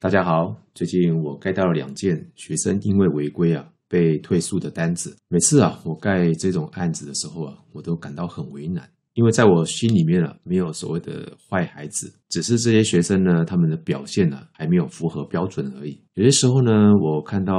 大家好，最近我蓋到了兩件學生因為違規啊被退宿的單子。每次啊我蓋這種案子的時候啊，我都感到很為難，因為在我心裡面啊，沒有所謂的壞孩子，只是這些學生呢，他們的表現呢、啊、還沒有符合標準而已。有些時候呢，我看到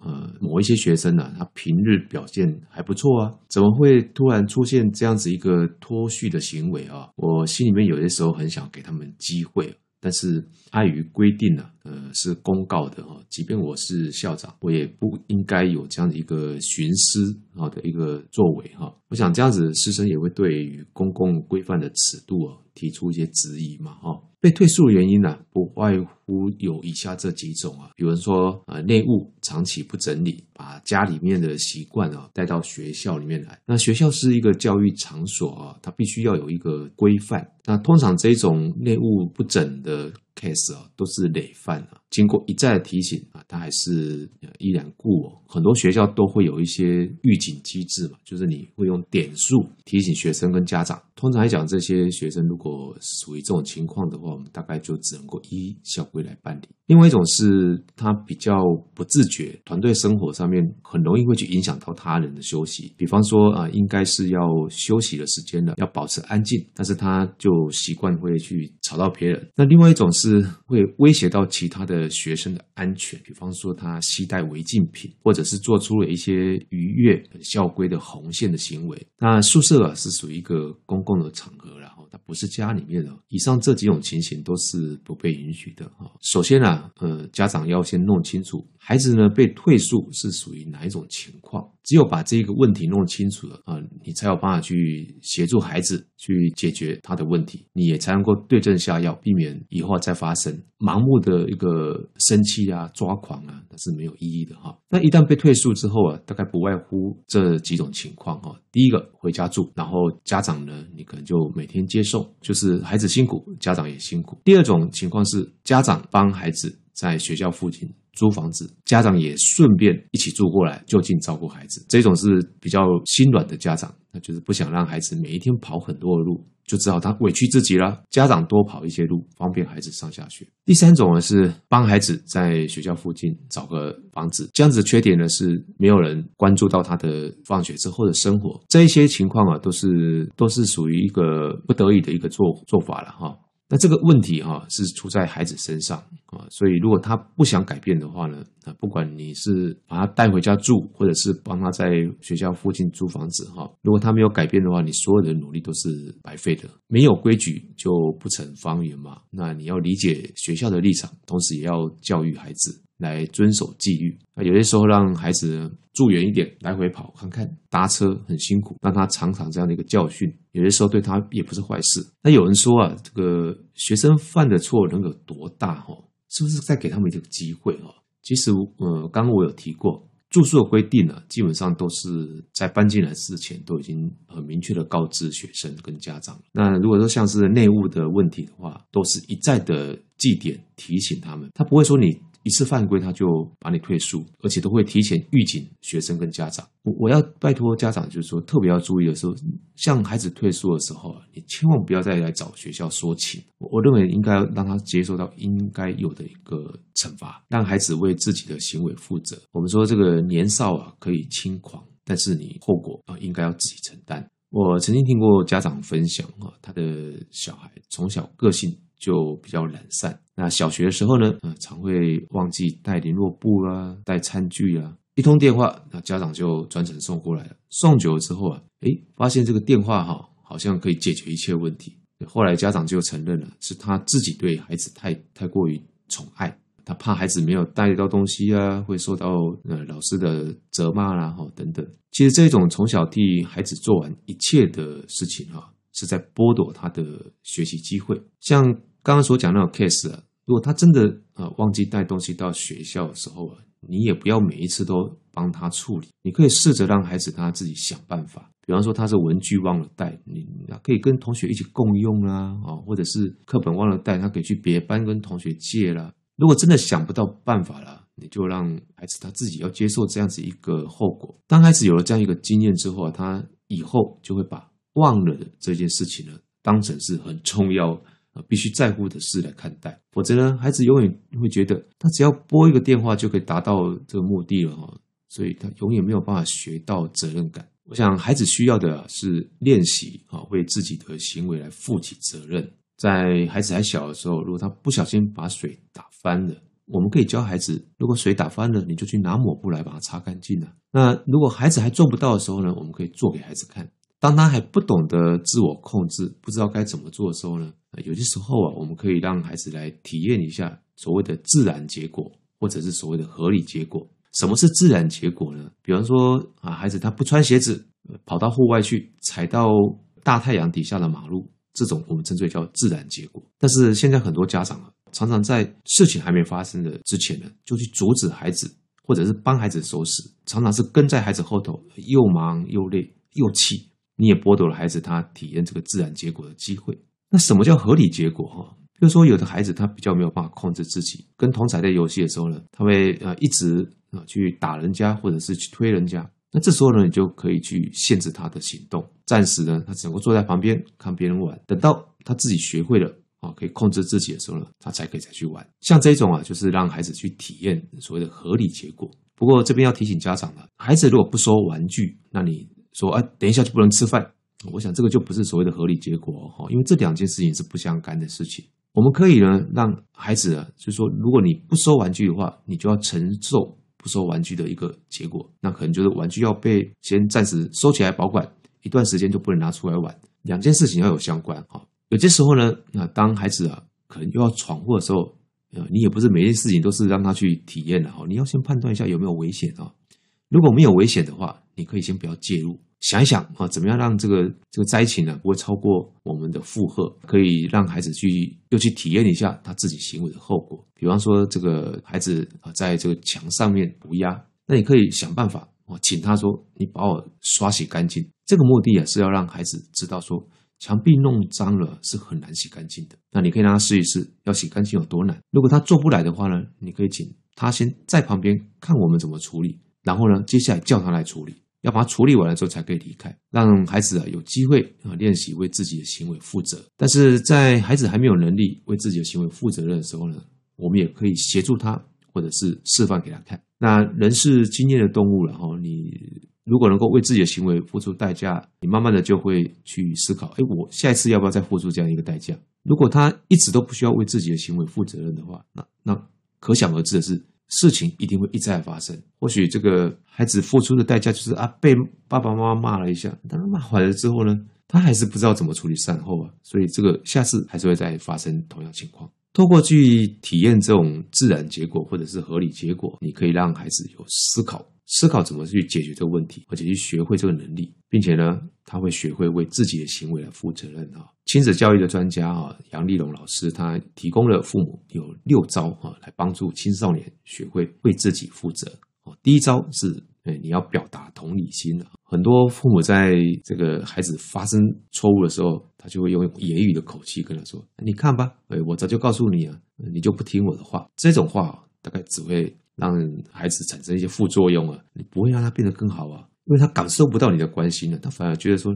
呃某一些學生呢、啊，他平日表現還不錯啊，怎麼會突然出現這樣子一個脫序的行為啊？我心裡面有些時候很想給他們機會、啊。但是礙於規定呢，啊，呃，是公告的哦，即便我是校長，我也不應該有這樣的一個徇私。好的一個作為哈，我想這樣子師生也會對於公共規範的尺度啊提出一些質疑嘛哈、哦。被退宿的原因呢、啊，不外乎有以下這幾種啊，比如說啊、呃、內務長期不整理，把家裡面的習慣啊帶到學校裡面來，那學校是一個教育場所啊，它必須要有一個規範，那通常這種內務不整的。case 啊，都是累犯啊，經過一再的提醒啊，他還是依然故我。很多學校都會有一些預警機制嘛，就是你會用點數提醒學生跟家長。通常來講，這些學生如果屬於這種情況的話，我們大概就只能夠依校規來辦理。另外一種是他比較不自覺，團隊生活上面很容易會去影響到他人的休息。比方說啊,應該是要休息的時間了，要保持安靜，但是他就習慣會去吵到別人。那另外一種是會威脅到其他的學生的安全，比方說他攜帶違禁品，或者是做出了一些逾越校規的紅線的行為。那宿舍啊是屬於一個公共的場合啦，不是家裡面的，以上這幾種情形都是不被允許的啊。首先呢、啊，呃、嗯，家長要先弄清楚孩子呢被退宿是屬於哪一種情況。只有把這個問題弄清楚了啊，你才有辦法去協助孩子去解決他的問題，你也才能夠對症下藥，避免以後再發生盲目的一個生氣啊、抓狂啊，那是沒有意義的哈。那一旦被退宿之後啊，大概不外乎這幾種情況哈啊。第一個回家住，然後家長呢，你可能就每天接送，就是孩子辛苦，家長也辛苦。第二種情況是家長幫孩子在學校附近。租房子，家長也順便一起住過來，就近照顧孩子。這種是比較心軟的家長，那就是不想讓孩子每一天跑很多的路，就只好他委屈自己了。家長多跑一些路，方便孩子上下學。第三種呢，是幫孩子在學校附近找個房子，這樣子缺點呢，是沒有人關注到他的放學之後的生活。這一些情況啊，都是都是屬於一個不得已的一個做做法了哈。那這個問題哈是出在孩子身上啊，所以如果他不想改變的話呢，啊，不管你是把他帶回家住，或者是幫他在學校附近租房子哈，如果他沒有改變的話，你所有的努力都是白費的。沒有規矩就不成方圓嘛。那你要理解學校的立場，同時也要教育孩子，來遵守紀律，有些時候讓孩子住遠一點，來回跑看看搭車很辛苦，讓他嚐嚐這樣的一個教訓。有些時候對他也不是壞事。那有人說啊，這個學生犯的錯能有多大？哈，是不是再給他們一個機會？其實呃，剛剛我有提過住宿的規定呢，啊，基本上都是在搬進來之前都已經很明確的告知學生跟家長。那如果說像是內務的問題的話，都是一再的記點提醒他們，他不會說你。一次犯規，他就把你退宿，而且都會提前預警學生跟家長。我我要拜托家長，就是說特別要注意的是，向孩子退宿的時候啊，你千萬不要再來找學校說情。我，我認為，應該讓他接受到應該有的一個懲罰，讓孩子為自己的行為負責。我們說這個年少啊，可以輕狂，但是你後果啊，應該要自己承擔。我曾經聽過家長分享啊，他的小孩從小個性就比較懶散。那小學的時候呢，啊，常會忘記帶聯絡簿啦、啊、帶餐具啦、啊、一通電話，那家長就專程送過來了。送久了之後啊，誒發現這個電話哈，好像可以解決一切問題。後來家長就承認了，是他自己對孩子太太過於寵愛，他怕孩子沒有帶到東西啊，會受到呃老師的責罵啦，哈，等等。其實這種從小替孩子做完一切的事情啊，是在剝奪他的學習機會，像剛剛所講的那種 case 啊，如果他真的啊忘記帶東西到學校的時候啊，你也不要每一次都幫他處理，你可以試着讓孩子他自己想辦法。比方說他是文具忘了帶，你可以跟同學一起共用啦，啊，或者是課本忘了帶，他可以去別班跟同學借啦、啊。如果真的想不到辦法了，你就讓孩子他自己要接受這樣子一個後果。當孩子有了這樣一個經驗之後啊，他以後就會把忘了的這件事情呢，當成是很重要。必須在乎的事來看待，否則呢，孩子永遠會覺得他只要撥一個電話就可以達到這個目的了哈，所以他永遠沒有辦法學到責任感。我想，孩子需要的是練習啊，為自己的行為來負起責任。在孩子還小的時候，如果他不小心把水打翻了，我們可以教孩子：如果水打翻了，你就去拿抹布來把它擦乾淨了。那如果孩子還做不到的時候呢，我們可以做給孩子看。當他還不懂得自我控制，不知道該怎麼做的時候呢？有些時候啊，我們可以讓孩子來體驗一下所謂的自然結果，或者是所謂的合理結果。什麼是自然結果呢？比方說啊，孩子他不穿鞋子跑到戶外去，踩到大太陽底下的馬路，這種我們稱之為叫自然結果。但是現在很多家長啊，常常在事情還沒發生的之前呢，就去阻止孩子，或者是幫孩子收拾，常常是跟在孩子後頭，又忙又累又氣，你也剝奪了孩子他體驗這個自然結果的機會。那什麼叫合理結果？哈，比如說有的孩子他比較沒有辦法控制自己，跟同儕在遊戲的時候呢，他會呃一直啊去打人家或者是去推人家。那這時候呢，你就可以去限制他的行動，暫時呢他只能坐在旁邊看別人玩。等到他自己學會了啊可以控制自己的時候呢，他才可以再去玩。像這種啊，就是讓孩子去體驗所謂的合理結果。不過這邊要提醒家長了，孩子如果不收玩具，那你說啊，等一下就不能吃飯。我想這個就不是所謂的合理結果哈，因為這兩件事情是不相干的事情。我們可以呢讓孩子啊，就是說，如果你不收玩具的話，你就要承受不收玩具的一個結果，那可能就是玩具要被先暫時收起來保管一段時間，就不能拿出來玩。兩件事情要有相關哈。有些時候呢，那當孩子啊可能又要闖禍的時候，你也不是每件事情都是讓他去體驗的哈，你要先判斷一下有沒有危險啊。如果沒有危險的話，你可以先不要介入。想一想啊，怎麼樣讓這個這個災情呢，啊，不會超過我們的負荷？可以讓孩子去又去體驗一下他自己行為的後果。比方說，這個孩子啊在這個牆上面塗鴉，那你可以想辦法哦，請他說，你把我刷洗乾淨。這個目的也是要讓孩子知道說，牆壁弄髒了是很難洗乾淨的。那你可以讓他試一試，要洗乾淨有多難。如果他做不來的話呢，你可以請他先在旁邊看我們怎麼處理，然後呢，接下來叫他來處理。要把它處理完了之後才可以離開，讓孩子啊有機會啊練習為自己的行為負責。但是在孩子還沒有能力為自己的行為負責任的時候呢，我們也可以協助他，或者是示範給他看。那人是經驗的動物，然後你如果能夠為自己的行為付出代價，你慢慢的就會去思考，哎，我下一次要不要再付出這樣一個代價？如果他一直都不需要為自己的行為負責任的話，那那可想而知的是。事情一定會一再發生。或許這個孩子付出的代價就是啊，被爸爸媽媽罵了一下。但是罵完了之後呢，他還是不知道怎麼處理善後啊。所以這個下次還是會再發生同樣情況。透過去體驗這種自然結果或者是合理結果，你可以讓孩子有思考。思考怎麼去解決這個問題，而且去學會這個能力，並且呢，他會學會為自己的行為來負責任啊。親子教育的專家啊，楊俐容老師他提供了父母有六招啊，來幫助青少年學會為自己負責啊。第一招是，你要表達同理心。很多父母在這個孩子發生錯誤的時候，他就會用言語的口氣跟他說：“你看吧，我早就告訴你了，你就不聽我的話。”這種話大概只會。讓孩子產生一些副作用啊，你不會讓他變得更好啊，因為他感受不到你的關心了，他反而覺得說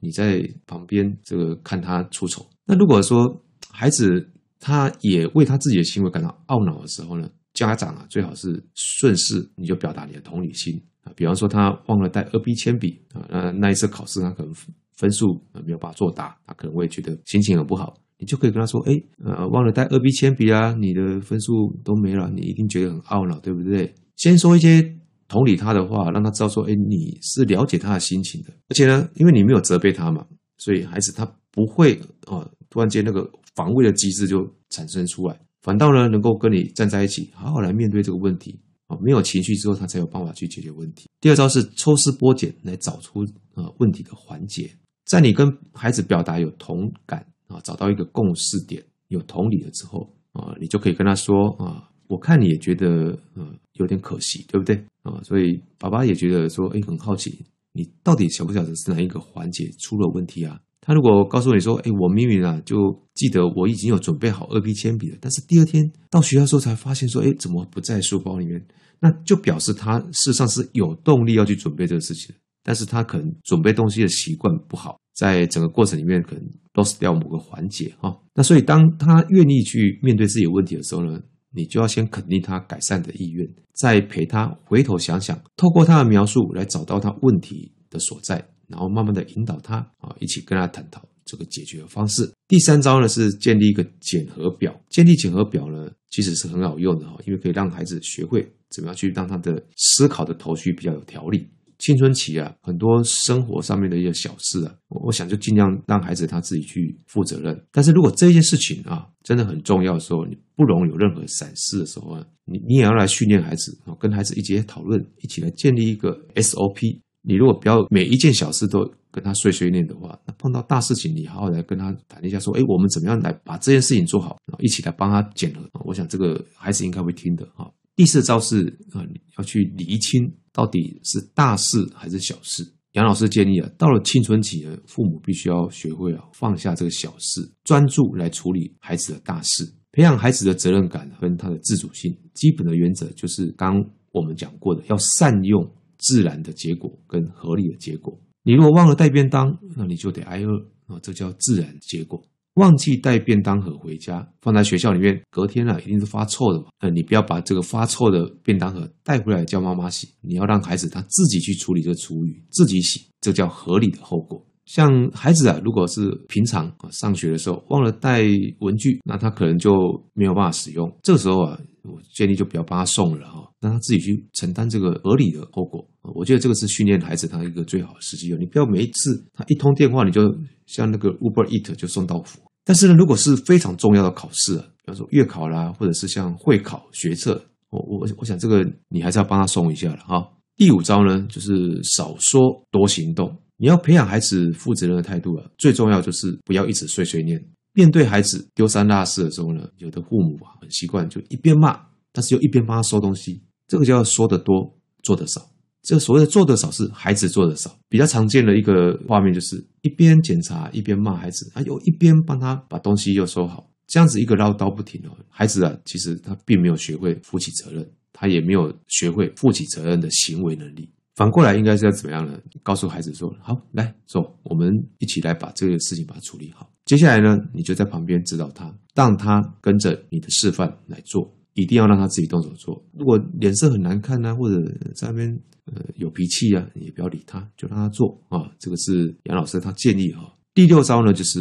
你在旁邊這個看他出醜。那如果說孩子他也為他自己的行為感到懊惱的時候呢，家長啊最好是順勢你就表達你的同理心啊，比方說他忘了帶二 B 鉛筆啊，那那一次考試他可能分數啊沒有辦法作答，他，啊、可能會覺得心情很不好。你就可以跟他說：“哎、欸，呃，忘了帶二 B 鉛筆啊，你的分數都沒了，你一定覺得很懊惱，對不對？”先說一些同理他的話，讓他知道說：“哎、欸，你是了解他的心情的。”而且呢，因為你沒有責備他嘛，所以孩子他不會啊、哦，突然間那個防衛的機制就產生出來，反倒呢能夠跟你站在一起，好好來面對這個問題啊、哦。沒有情緒之後，他才有辦法去解決問題。第二招是抽絲剝繭來找出啊、呃、問題的環節，在你跟孩子表達有同感。啊，找到一個共識點，有同理了之後啊，你就可以跟他說，啊，我看你也覺得嗯有點可惜，對不對啊？所以爸爸也覺得說，哎，很好奇，你到底曉不曉得是哪一個環節出了問題啊？他如果告訴你說，哎，我明明啊就記得我已經有準備好二 B 鉛筆了，但是第二天到學校的時候才發現說，哎，怎麼不在書包裡面？那就表示他事實上是有動力要去準備這個事情的。但是他可能準備東西的習慣不好，在整個過程裡面可能 loss 掉某個環節哈。那所以當他願意去面對自己的問題的時候呢，你就要先肯定他改善的意願，再陪他回頭想想，透過他的描述來找到他問題的所在，然後慢慢的引導他啊，一起跟他探討這個解決的方式。第三招呢是建立一個檢核表，建立檢核表呢其實是很好用的哈，因為可以讓孩子學會怎麼樣去讓他的思考的頭緒比較有條理。青春期啊，很多生活上面的一些小事啊，我想就盡量讓孩子他自己去負責任。但是如果這件事情啊，真的很重要的時候，你不容有任何閃失的時候啊，你你也要來訓練孩子，跟孩子一起來討論，一起來建立一個 SOP。你如果不要每一件小事都跟他碎碎念的話，那碰到大事情，你好好來跟他談一下，說，哎，我們怎麼樣來把這件事情做好，一起來幫他檢核。我想這個孩子應該會聽的哈。第四招是啊、呃，要去釐清到底是大事還是小事。楊老師建議啊，到了青春期呢，父母必須要學會啊，放下這個小事，專注來處理孩子的大事，培養孩子的責任感跟他的自主性。基本的原則就是剛剛我們講過的，要善用自然的結果跟合理的結果。你如果忘了帶便當，那你就得挨餓啊、呃，這叫自然結果。忘記帶便當盒回家，放在學校裡面，隔天啊一定是發臭的嘛？呃，你不要把這個發臭的便當盒帶回來叫媽媽洗，你要讓孩子他自己去處理這個廚餘，自己洗，這叫合理的後果。像孩子啊，如果是平常啊上學的時候忘了帶文具，那他可能就沒有辦法使用，這時候啊。我建議就不要幫他送了哈，讓他自己去承擔這個合理的後果。我覺得這個是訓練孩子他一個最好的時機哦。你不要每一次他一通電話，你就像那個 Uber Eat 就送到府。但是呢，如果是非常重要的考試，比如說月考啦，或者是像會考、學測，我我我想這個你還是要幫他送一下了哈。第五招呢，就是少說多行動。你要培養孩子負責任的態度啊，最重要就是不要一直碎碎念。面對孩子丟三落四的時候呢，有的父母啊很習慣就一邊罵，但是又一邊幫他收東西，這個叫說得多，做得少。這個所謂的做得少是孩子做得少。比較常見的一個畫面就是一邊檢查一邊罵孩子，他又一邊幫他把東西又收好，這樣子一個嘮叨不停哦。孩子啊，其實他並沒有學會負起責任，他也沒有學會負起責任的行為能力。反過來應該是要怎麼樣呢？告訴孩子說：“好，來，走，我們一起來把這個事情把它處理好。”接下來呢，你就在旁邊指導他，讓他跟着你的示範來做，一定要讓他自己動手做。如果臉色很難看啊，或者在那邊呃有脾氣啊，你也不要理他，就讓他做啊。哦，這個是楊老師他建議哈哦。第六招呢，就是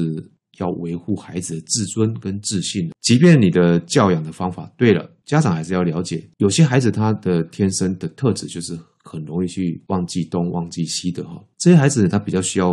要維護孩子的自尊跟自信。即便你的教養的方法對了，家長還是要了解，有些孩子他的天生的特質就是。很容易去忘記東忘記西的哈、哦，這些孩子他比較需要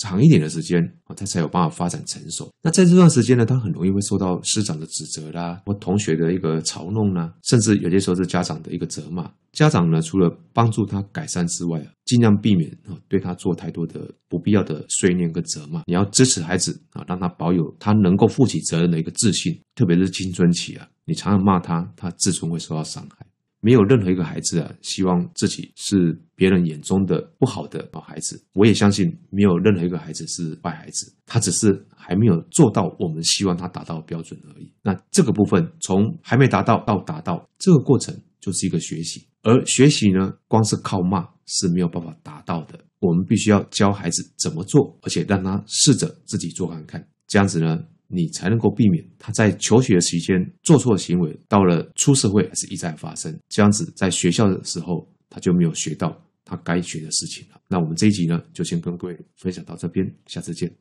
長一點的時間啊，他才有辦法發展成熟。那在這段時間呢，他很容易會受到師長的指責啦、啊，或同學的一個嘲弄啦、啊，甚至有些時候是家長的一個責罵。家長呢，除了幫助他改善之外，盡量避免對他做太多的不必要的碎念跟責罵。你要支持孩子啊，讓他保有他能夠負起責任的一個自信。特別是青春期啊，你常常罵他，他自尊會受到傷害。沒有任何一個孩子啊，希望自己是別人眼中的不好的好孩子。我也相信，沒有任何一個孩子是壞孩子，他只是還沒有做到我們希望他達到的標準而已。那這個部分從還沒達到到達到，這個過程就是一個學習。而學習呢，光是靠罵是沒有辦法達到的。我們必須要教孩子怎麼做，而且讓他試着自己做看看，這樣子呢。你才能夠避免他在求學的期間做錯的行為，到了出社會還是一再發生。這樣子在學校的時候，他就沒有學到他該學的事情了。那我們這一集呢，就先跟各位分享到這邊，下次見。